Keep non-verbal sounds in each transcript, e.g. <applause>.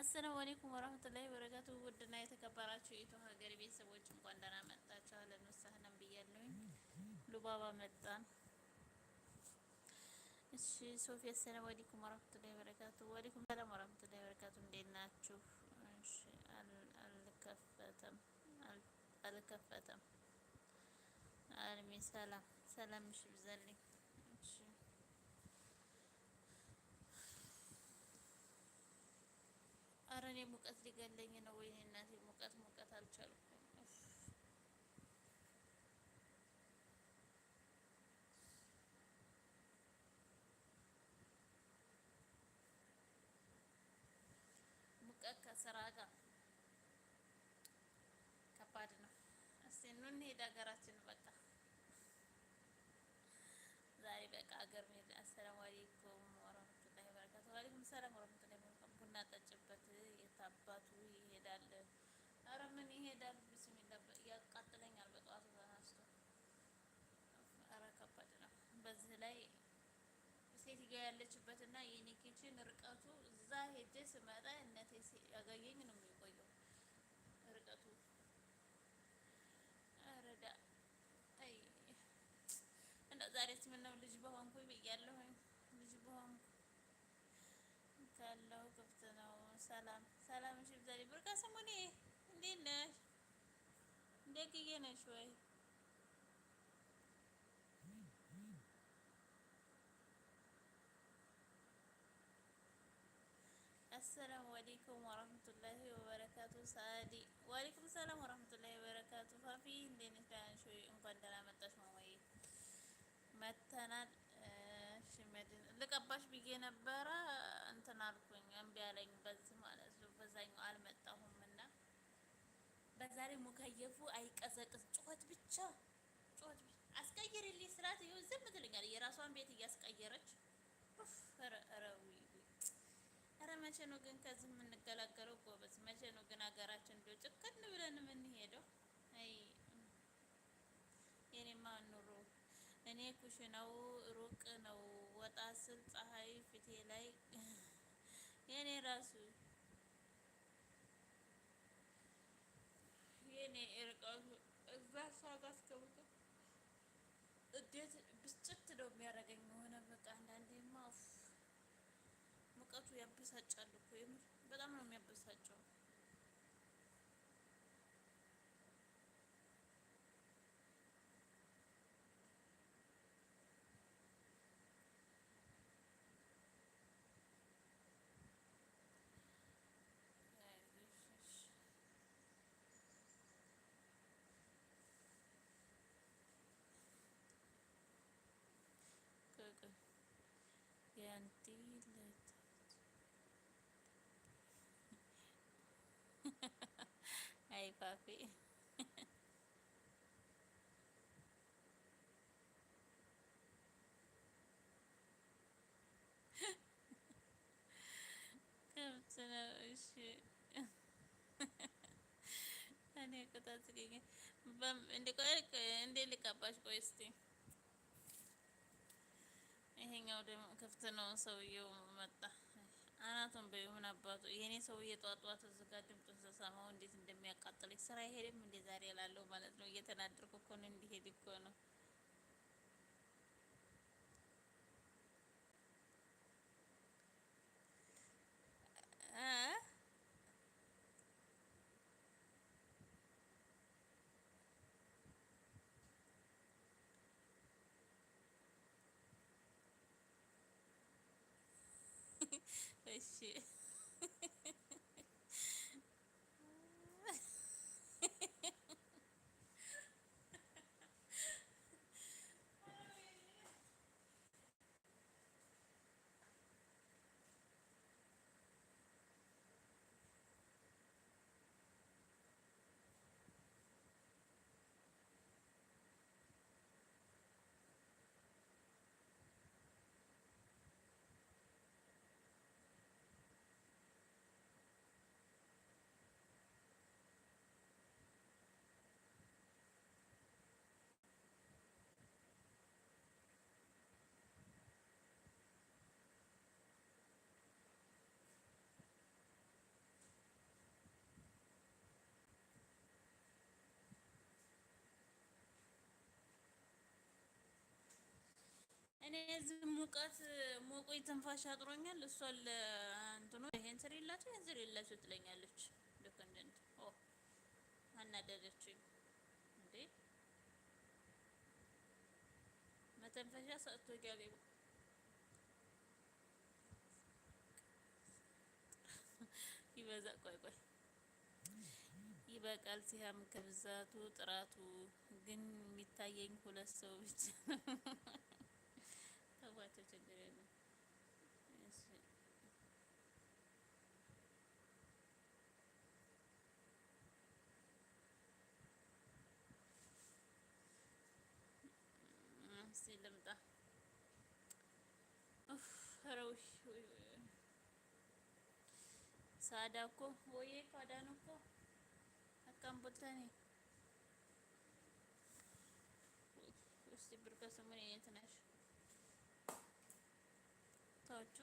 አሰላሙ አለይኩም ወራህመቱላሂ ወበረካቱ። ውድና የተከበራችሁ የኢትዮ ሀገር ቤተሰቦች እንኳን ደህና መጣችሁ። አለን ወሳህነን ብያለሁኝ። ሉባባ መጣን። እሺ ሶፊ፣ አሰላሙ አለይኩም ወራህመቱላሂ ወበረካቱ። ወአለይኩም ሰላም ወራህመቱላሂ ወበረካቱ። እንዴት ናችሁ? እሺ፣ አልከፈተም አልከፈተም። አልሚ ሰላም ሰላም፣ እሺ እሺ ሙቀት ሊገለኝ ነው። ወይ እናቴ ሙቀት ሙቀት አልቻልኩም። ሙቀት ከስራ ጋር ከባድ ነው። እስቲ እንሄድ ሀገራችን። በቃ ዛሬ በቃ ሀገር መሄድ። አሰላሙ አለይኩም ወአለይኩም ሰላም ምን ይሄዳል? ብስሚላ ያቃጥለኛል። በጠዋት ተነስቶ ኧረ ከባድ ነው። በዚህ ላይ ሴትዮ ያለችበት እና የኔ ኪችን ርቀቱ እዛ ሄጄ ስመጣ እነቴ ያገኘኝ ነው የሚቆየው ርቀቱ ረዳ አይ እንደው ዛሬስ ምነው ልጅ በሆንኩ ብያለሁኝ። ልጅ በሆንኩ ካለው ክፍት ነው። ሰላም ሰላም። እሺ ብዛሬ ብርቃ ስሙኔ እንዴት ነሽ? ደግዬ ነሽ ወይ? አሰላሙ አሌይኩም ወረህመቱላሂ ወበረካቱ። ሳዲ ወአሌይኩም ሰላም ወረህመቱላሂ ወበረካቱ። ፋፊ እንዴት ነሽ? ደህና ነሽ ወይ? እንኳን ደህና መጣሽ ማማዬ። መተናል ሽመድን ልቀባሽ ብዬ ነበረ እንትን አልኩኝ፣ እምቢ አለኝ። በዚህ ማለት ነው በዛኛው አልመጣም ዛሬ ሙካየፉ አይቀዘቅዝ ጩኸት ብቻ ጩኸት ብቻ አስቀይሪልኝ ስላት ይኸው ዝም ትለኛል። የራሷን ቤት እያስቀየረች ኧረ መቼ ነው ግን ከዚህ የምንገላገለው? ጎበዝ መቼ ነው ግን ሀገራችን እንዲያው ጭክን ብለን የምንሄደው? አይ የኔማ ኑሮ እኔ ኩሽናው ሩቅ ነው። ወጣ ስል ፀሐይ ፊቴ ላይ የኔ ራሱ የኔ እርቀቱ እዛ እሷ ጋር አስገብቶ እንዴት ብስጭት ነው የሚያደርገኝ። የሆነ በቃ አንዳንዴማ ሙቀቱ ያበሳጫል እኮ የምር በጣም ነው የሚያበሳጨው። until Hi, Papi. कब सुना ano ko tatagiging hindi ko hindi likapas ko isti ይሄኛው ደግሞ ክፍት ነው። ሰውየው መጣ። አናቱን በይሁን አባቱ የኔ ሰውዬ ጧጧት እዚህ ጋር ድምጡን ስሰማው እንዴት እንደሚያቃጥለኝ ስራ ይሄድም እንዴ ዛሬ ላለው ማለት ነው። እየተናደርኩ እኮ ነው። እንዲሄድ እኮ ነው 没事。እኔ እዚህ ሙቀት ሞቆኝ ትንፋሽ አጥሮኛል። እሷ ለእንትኑ ይሄን ስሪላችሁ ይሄን ስሪላችሁ ትለኛለች። ልክ እንደ ኦ አናደደችኝ እንዴ! መተንፈሻ <laughs> ይበዛ ቆይ ቆይ ይበቃል። ሲያም ከብዛቱ ጥራቱ ግን የሚታየኝ ሁለት ሰው ብቻ ነው። <laughs> ሳዳ እኮ ወይዬ ኳዳን እኮ አካም ቦልታኔ ውስጥ ብርቀሱ ምን አይነት ነሽ? ታዎቹ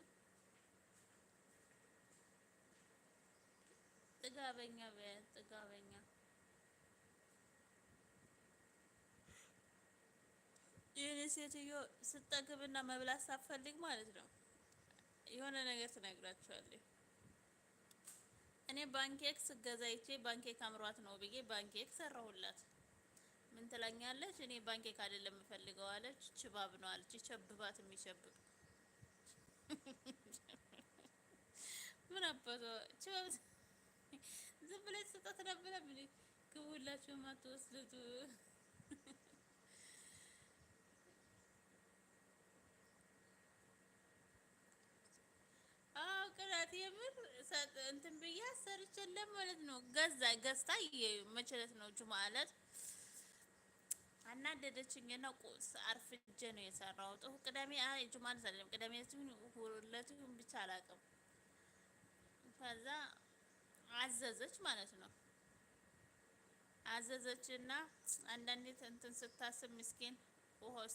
ጥጋበኛ በጥጋበኛ ይህን ሴትዮ ስጠግብና መብላት ሳትፈልግ ማለት ነው። የሆነ ነገር ትነግራችኋለሁ። እኔ ባንኬክ ስገዛይቼ ባንኬክ አምሯት ነው ብዬ ባንኬክ ሰራሁላት። ምን ትላኛለች? እኔ ባንኬክ አይደለም የምፈልገው አለች። ችባብ ነው አለች። ይቸብባት የሚቸብብ <laughs> ምን አባቷ ችባብ ዝም ብለ ስጠት ነበረ። ምን ክቡላችሁ ማትወስዱት እንትን ብዬ ሰርቼለት ማለት ነው። ገዛ ገዝታ የመቸለት ነው ጁማ ዕለት አናደደችኝና ቁስ አርፍጄ ነው የሰራሁት። እሑድ ቅዳሜ ጁማ ዕለት አይደለም ቅዳሜ ሁለቱም ብቻ አላውቅም። ከዛ አዘዘች ማለት ነው አዘዘችና አንዳንዴ እንትን ስታስብ ምስኪን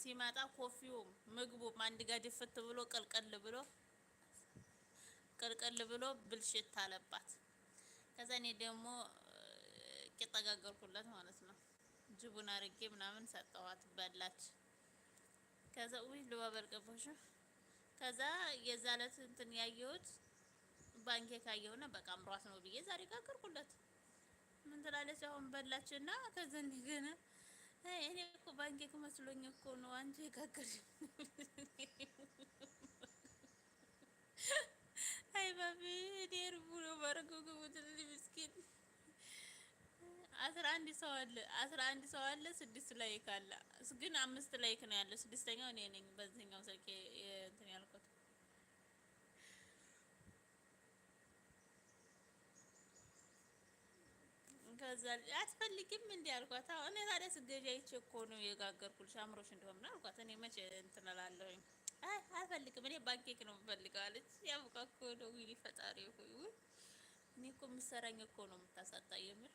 ሲመጣ ኮፊውም ምግቡም አንድ ጋር ድፍት ብሎ ቀልቀል ብሎ ቅልቅል ብሎ ብልሽት አለባት። ከዛ እኔ ደግሞ ቂጠጋገርኩለት ማለት ነው። ጅቡን አርጌ ምናምን ሰጠዋት በላች። ከዛ ውይ ልባብ አልገባሽም። ከዛ የዛለት እንትን ያየሁት ባንኬ ካየሁና በቃ አምሯት ነው ብዬ ዛሬ ጋገርኩለት። ምን ትላለች አሁን በላችና ከዛ ግን እኔ እኮ ባንኬክ መስሎኝ እኮ ነው አንቺ የጋገርሽ አይባብዴር ብሎ ባረገው ግቡትን ምስኪን አስራ አንድ ሰው አለ አስራ አንድ ሰው አለ። ስድስት ላይክ አለ ግን አምስት ላይክ ነው ያለው። ስድስተኛው እኔ ነኝ። በዚህኛው ስልክ እንትን ያልኩት ከዛ አትፈልጊም እንዲ አልኳት። እኔ ታዲያ ስገዣ እኮ ነው የጋገርኩልሽ አምሮሽ እንደሆነ አልኳት። እኔ መቼ እንትን እላለሁኝ አልፈልግም እኔ ባንኬክ ነው የምፈልገው አለች። ያቡቃ እኮ ነው ዊሊ፣ ፈጣሪ ሆይ ውይ፣ እኔ እኮ የምትሰራኝ እኮ ነው የምታሳጣ የምር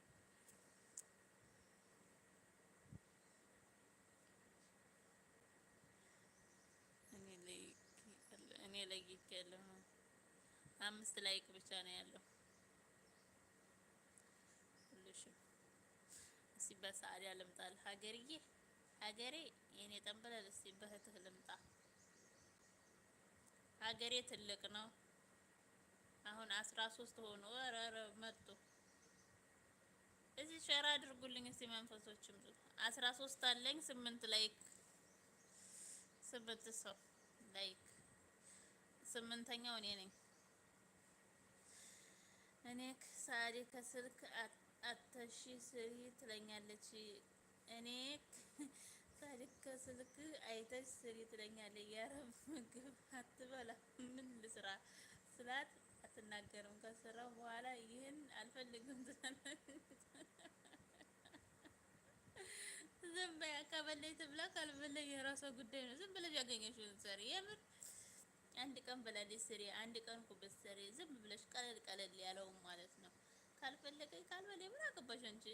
እኔ ለይክ ያለሁ አምስት ላይክ ብቻ ነው ያለው። ሁልሽም እስኪ በሰዓት ያለምጣል ሀገርዬ ሀገሬ የኔ ጠንበለል እስኪ በእህትህ ልምጣ ሀገሬ ትልቅ ነው። አሁን አስራ ሶስት ሆኖ ረረ መጡ። እዚህ ሸራ አድርጉልኝ እስቲ መንፈሶች ምጡ። አስራ ሶስት አለኝ ስምንት ላይክ ስምንት ሰው ላይክ ስምንተኛው እኔ ነኝ። እኔ ሳሪ ከስልክ አተሺ ስሪ ትለኛለች እኔ ልክ ስልክ አይተሽ ስሪ ትለኛለች። የአረብ ምግብ አትበላ ምን ልስራ ስላት አትናገርም። ከስራ በኋላ ይህን አልፈልግም ትላለች። ዝም በይ ከበላኝ ትብላ፣ ካልበላኝ የራሷ ጉዳይ ነው። ዝም ብለሽ ያገኘሽውን ሰሪ። የምር አንድ ቀን በላለች ስሪ፣ አንድ ቀን ኩበት ሰሪ። ዝም ብለሽ ቀለል ቀለል ያለውም ማለት ነው። ካልፈለገኝ ካልበላኝ ምን አገባሽ አንቺ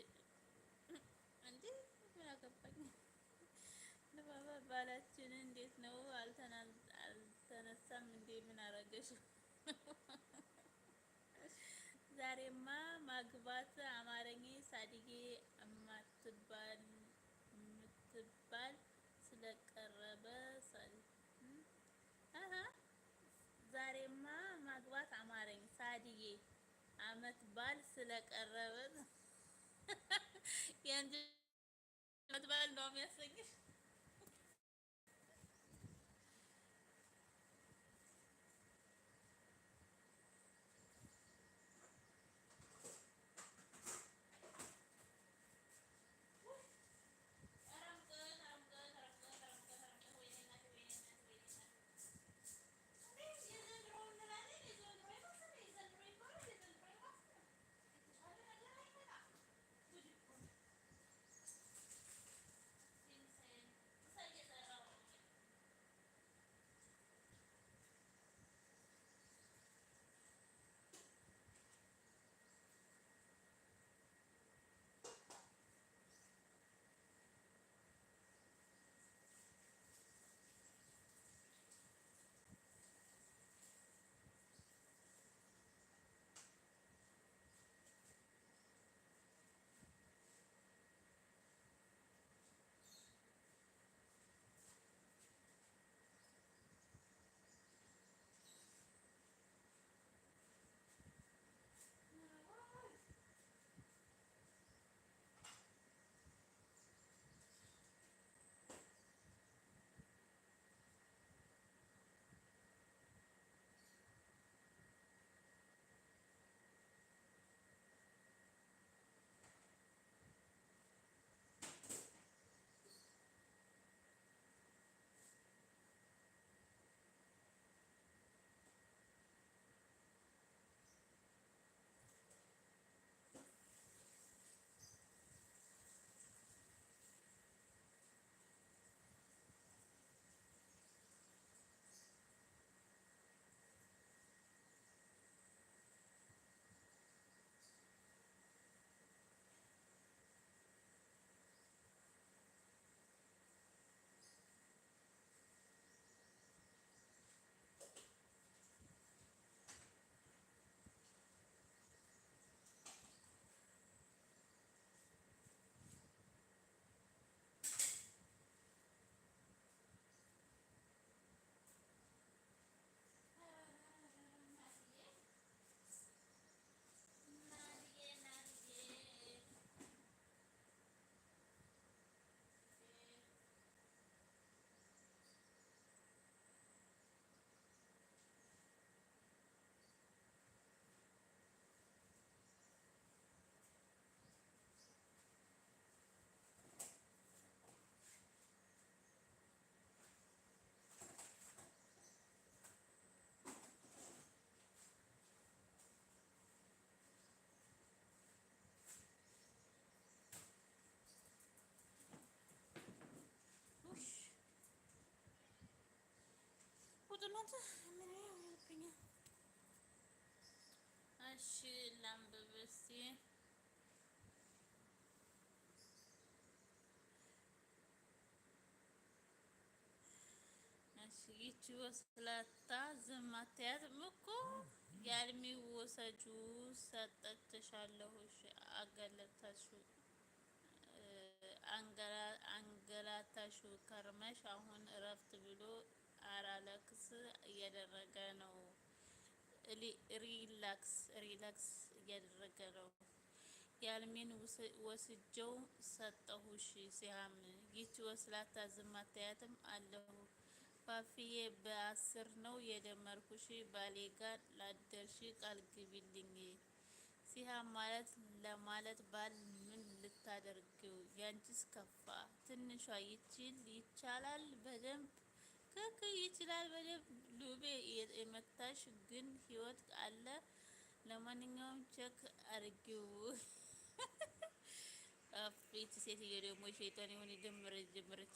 ባላችን እንዴት ነው? አልተነሳም እንዴ? ምን አረገሽ? <laughs> ዛሬማ ማግባት አማረኝ። ሳድጌ የማትባል የምትባል ስለቀረበ ዛሬማ ማግባት አማረኝ። ሳድጌ አመት ባል ስለቀረበ <laughs> የአንቺ አመት ባል ነው የሚያሰኝሽ አትጥሏት። ምን ይልብኛል? እሺ ላንብብ እስኪ። እሺ ይቺ ወስላታ ዝም አትያትም እኮ ያልሚ ወሰጁ ሰጠችሻለሁ። እሺ አገለታሹ አንገላታሹ ከርመሽ አሁን እረፍት ብሎ አራላክስ እያደረገ ነው። ሪላክስ ሪላክስ እያደረገ ነው። የአልሜን ወስጀው ሰጠሁሽ ሲያም ይቺ ወስላታ ዝም አታያትም አለሁ ባፍዬ በአስር ነው የደመርኩሽ። ባሌ ጋር ላደርሽ ቃል ግቢልኝ። ሲሃ ማለት ለማለት ባል ምን ልታደርግው ያንቺስ ከፋ ትንሿ ይችል ይቻላል በደንብ ክክ ይችላል በደብ ዱቤ የመታሽ ግን ህይወት አለ። ለማንኛውም ቸክ አርጊው። አፍሪት ሴትዮ ደግሞ ሸይጣን የሆነ ጀመረች ጀመረች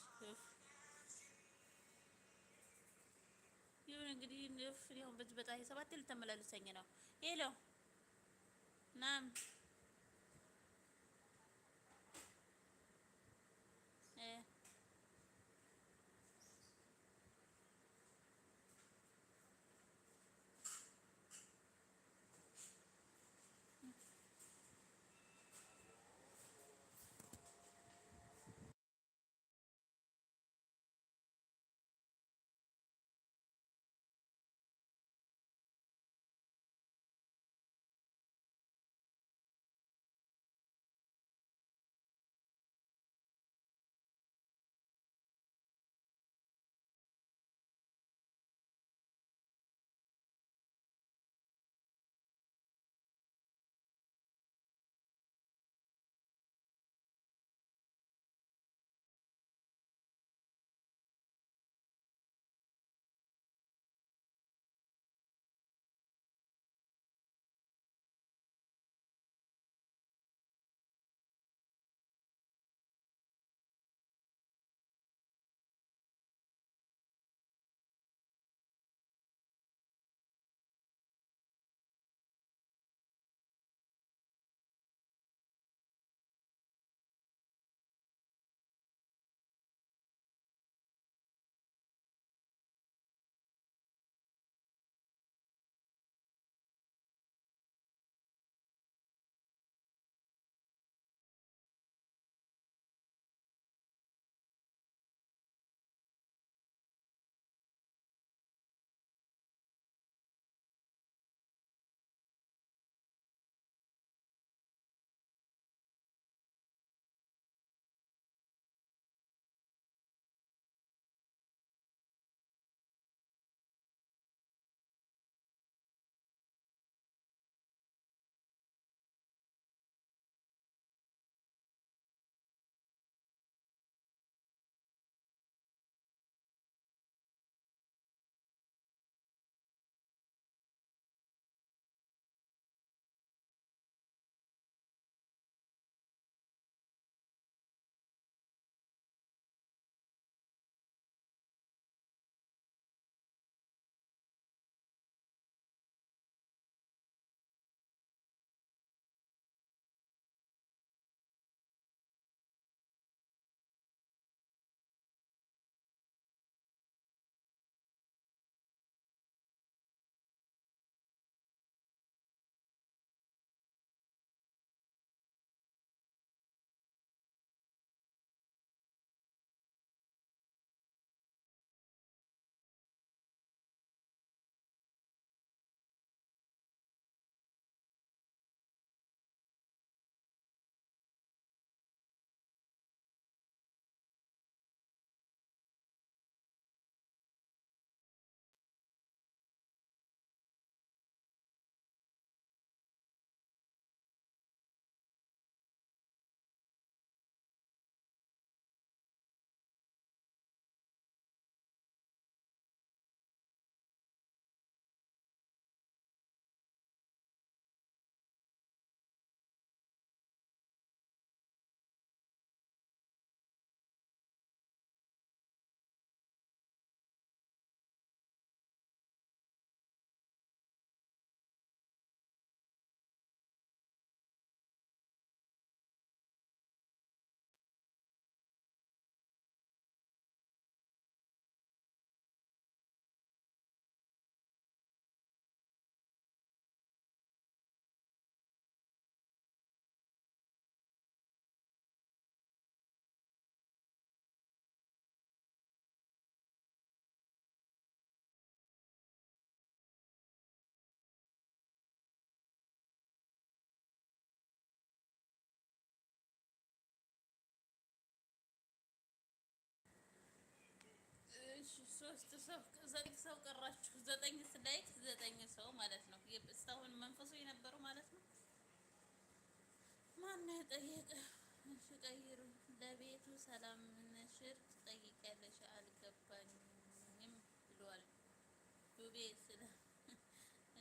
ይሁን እንግዲህ ንፍ ይሁን በዚህ በጣም ሰባት ልተመላለሰኝ ነው። ሄሎ ናም ሶስት ሰው ዘጠኝ ሰው ቀራችሁ። ዘጠኝ ስላይክ ዘጠኝ ሰው ማለት ነው። እስካሁን መንፈሱ የነበረው ማለት ነው። ማነው የጠየቀ? እሺ ቀይሩ። ለቤቱ ሰላም ነሽር ጠይቂያለሽ አልገባኝም ብሏል ዱቤ ስለ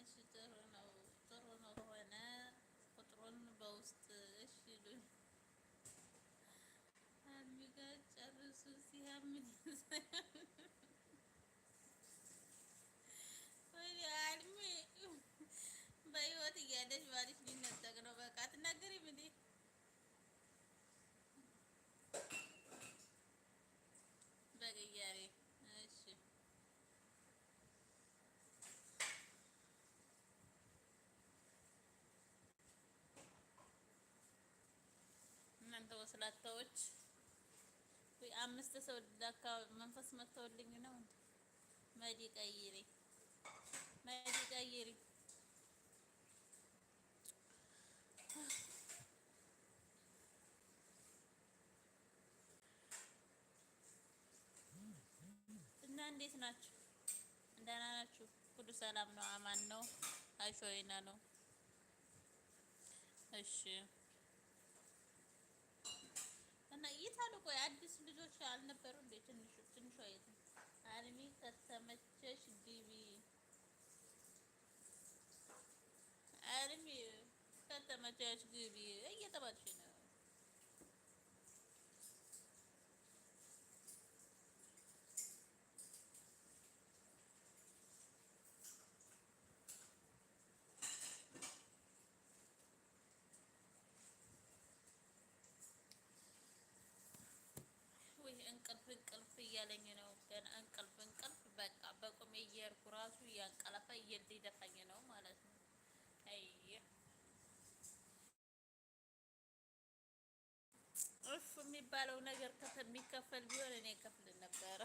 እሺ ጥሩ ነው ጥሩ ነው ሆነ ቁጥሩን በውስጥ እሺ ሉኝ አሚጋ ጨርሱ ሲያምን ታውቂያለሽ። ባልሽ ሊነጠቅ ነው። በቃ አትናገሪም እንዴ? በቅያሬ እሺ እናንተ ወስላታዎች ወይ አምስት ሰው ዳካ መንፈስ መተውልኝ ነው። መዲ ቀይሪ መዲ ቀይሪ እንዴት ናችሁ? ደህና ናችሁ? ሁሉ ሰላም ነው? አማን ነው? አይሾይና ነው? እሺ። እና የት አሉ? ቆይ አዲስ ልጆች አልነበሩ እንዴ? ትንሹ ትንሹ አይት አልሚ ከተመቸሽ ግቢ፣ አልሚ ከተመቸሽ ግቢ እየተባልሽ ነው እንቅልፍ እንቅልፍ እያለኝ ነው። ገና እንቅልፍ እንቅልፍ በቃ በቁሜ እየሄድኩ ራሱ እያንቀለፈ እየደፋኝ ነው ማለት ነው። አይ እፍ የሚባለው ነገር የሚከፈል ቢሆን እኔ ከፍል ነበረ።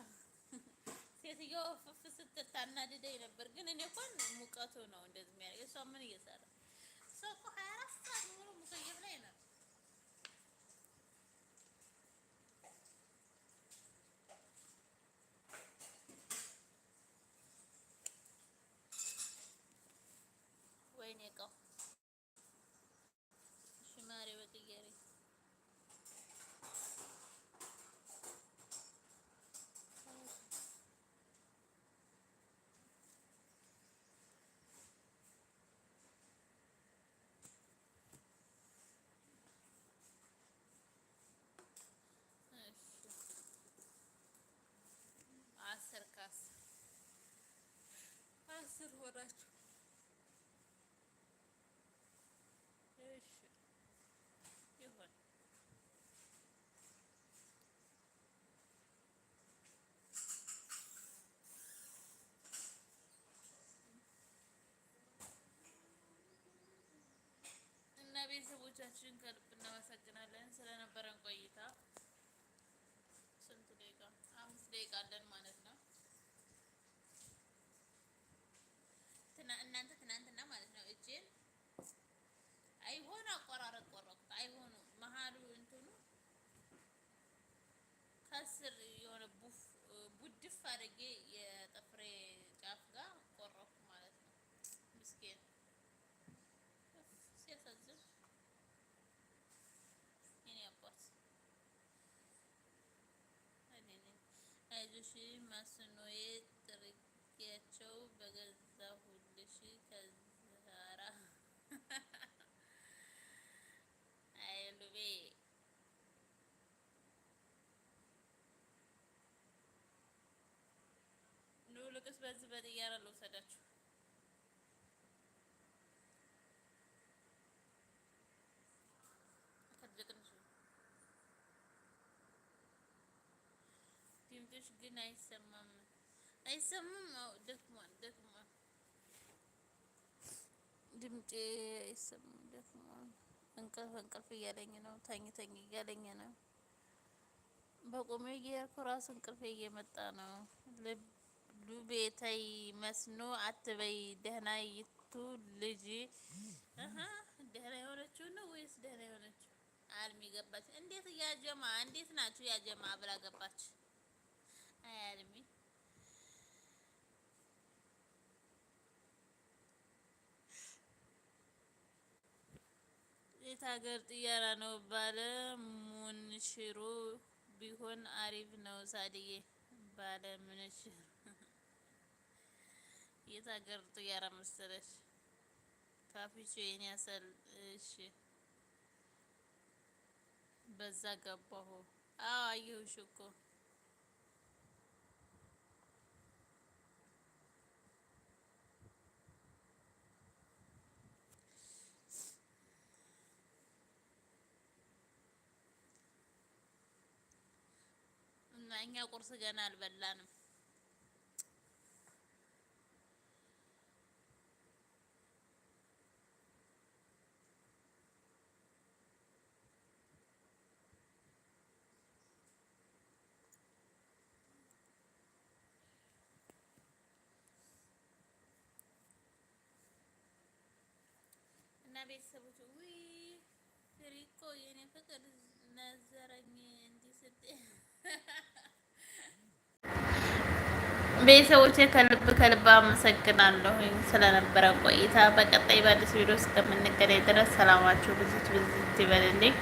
ሴትዮዋ እፍ ስትታናድደኝ ነበር፣ ግን እኔ እንኳን ሙቀቱ ነው እንደዚህ የሚያደርገው። እሷ ምን እየሰራ ሰው እኮ ሀያ አራት ሰዓት ሙሉ ሙሰየፍ ላይ ነበር ያወራችሁ? እሺ ይሁን። እና ቤተሰቦቻችን ከልብ እናመሰግናለን ስለነበረን ቆይታ። ስንት ደቂቃ? አምስት ደቂቃ አለን ማለት ነው። እናንተ ትናንትና ማለት ነው እጄን አይሆን አቆራረጥ ቆረጥኩት። አይሆኑ መሀሉ እንትኑ ከስር የሆነ ቡድፍ አድርጌ የጥፍሬ ጫፍ ጋር ቆረጥኩ ማለት ነው። ምስኪን ሲያሳዝን የእኔ አባት አይዞሽ ማስኖዬ በዚህ በጥያራ ልውሰዳችሁ። ድምፅሽ ግን አይሰማም አይሰማም። አዎ ደክሟል ደክሟል። ድምጤ አይሰማም ደክሟል። እንቅልፍ እንቅልፍ እያለኝ ነው። ተኝ ተኝ እያለኝ ነው። በቁሜ እየሄድኩ እራሱ እንቅልፌ እየመጣ ነው ልብ ዱቤተይ መስኖ አትበይ። ደህና ይቱ ልጅ ደህና የሆነችው ነው ወይስ ደህና የሆነችው አልሚ ገባች? እንዴት እያጀማ እንዴት ናችሁ ያጀማ ብላ ገባች። አይ አልሚ የት ሀገር ጥያራ ነው ባለ ሙንሽሩ ቢሆን አሪፍ ነው። ሳድዬ ባለ ሙንሽሩ የት ሀገር ጥያራ መሰለሽ? ፓፒቾ የኔ ያሰል እሺ፣ በዛ ገባሁ። አዎ አየሁሽ እኮ እና እኛ ቁርስ ገና አልበላንም። ቤተሰቦች ውይ ፍሪኮ የኔ ፍቅር ነዘረኝ እንዲህ ቤተሰቦቼ ከልብ ከልብ አመሰግናለሁ ስለነበረ ቆይታ። በቀጣይ በአዲስ ቪዲዮ እስከምንገናኝ ድረስ ሰላማችሁ ብዙት ብዙት ይበልልኝ።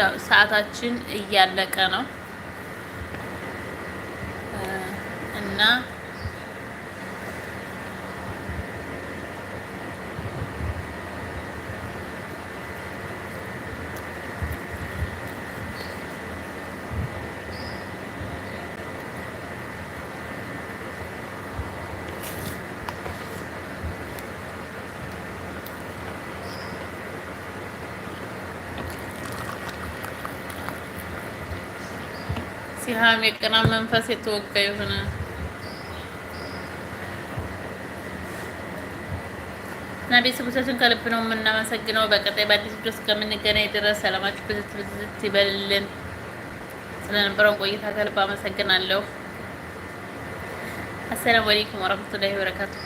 ያው ሰዓታችን እያለቀ ነው እና ሲሃም የቅና መንፈስ የተወጋ የሆነ እና ቤተሰቦቻችን ከልብ ነው የምናመሰግነው። በቀጣይ በአዲስ ቪዲዮ እስከምንገናኝ ድረስ ሰላማችሁ ብዝት ብዝት ይበልልን። ስለነበረው ቆይታ ከልብ አመሰግናለሁ። አሰላሙ አለይኩም ወረህመቱላሂ ወበረካቱ።